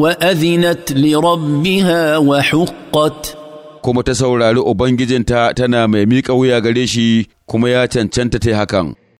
وأذنت لربها وحقت kuma ta saurari Ubangijinta tana mai miƙa wuya gare shi kuma ya cancanta ta hakan.